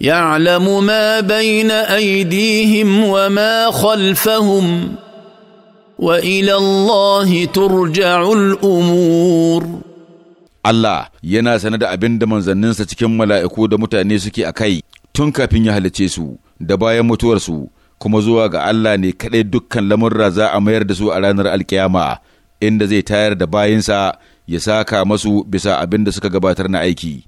يعلم ما بين ايديهم وما خلفهم والى الله ترجع الامور Allah yana sane da abin da manzanninsa cikin mala'iku da mutane suke a kai tun kafin ya halice su da bayan mutuwarsu kuma zuwa ga Allah ne kaɗai dukkan lamurra za a mayar da su a ranar alkiyama inda zai tayar da bayinsa ya saka masu bisa abin da suka gabatar na aiki.